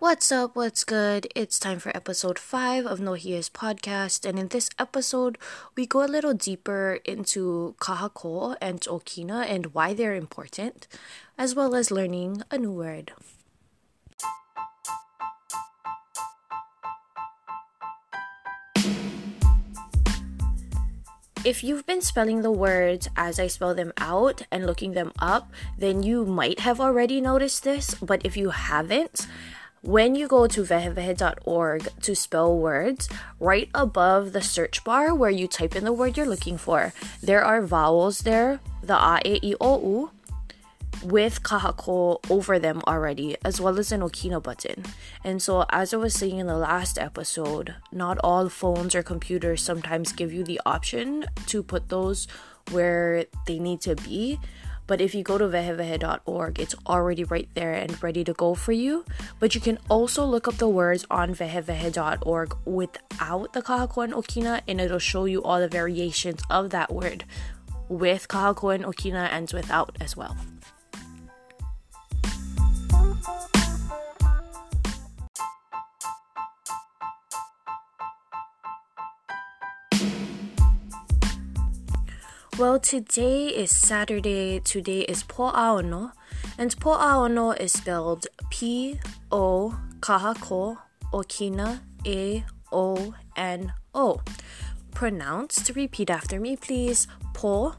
What's up? What's good? It's time for episode 5 of No Here's podcast. And in this episode, we go a little deeper into kahako and okina and why they're important, as well as learning a new word. If you've been spelling the words as I spell them out and looking them up, then you might have already noticed this. But if you haven't, when you go to vehevehe.org to spell words, right above the search bar where you type in the word you're looking for, there are vowels there, the a, e, i, o, u, with kahako over them already, as well as an okina button. And so, as I was saying in the last episode, not all phones or computers sometimes give you the option to put those where they need to be. But if you go to vehevehe.org, it's already right there and ready to go for you. But you can also look up the words on vehevehe.org without the kahakuan okina, and it'll show you all the variations of that word with kahakuan okina and without as well. Well, today is Saturday. Today is Po'aono. And Po'aono is spelled P O Kahako Okina A O N O. Pronounced, repeat after me, please. Po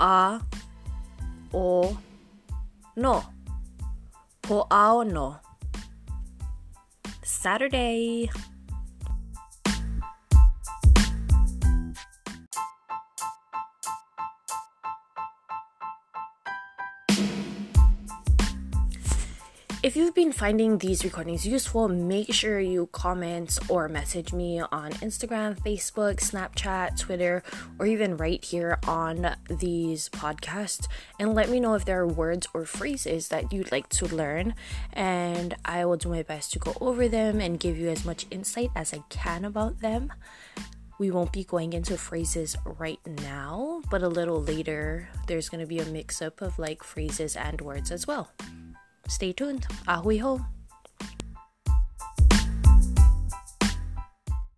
A O No. Po'aono. Saturday. If you've been finding these recordings useful, make sure you comment or message me on Instagram, Facebook, Snapchat, Twitter, or even right here on these podcasts and let me know if there are words or phrases that you'd like to learn. And I will do my best to go over them and give you as much insight as I can about them. We won't be going into phrases right now, but a little later, there's going to be a mix up of like phrases and words as well stay tuned. Ahui ho!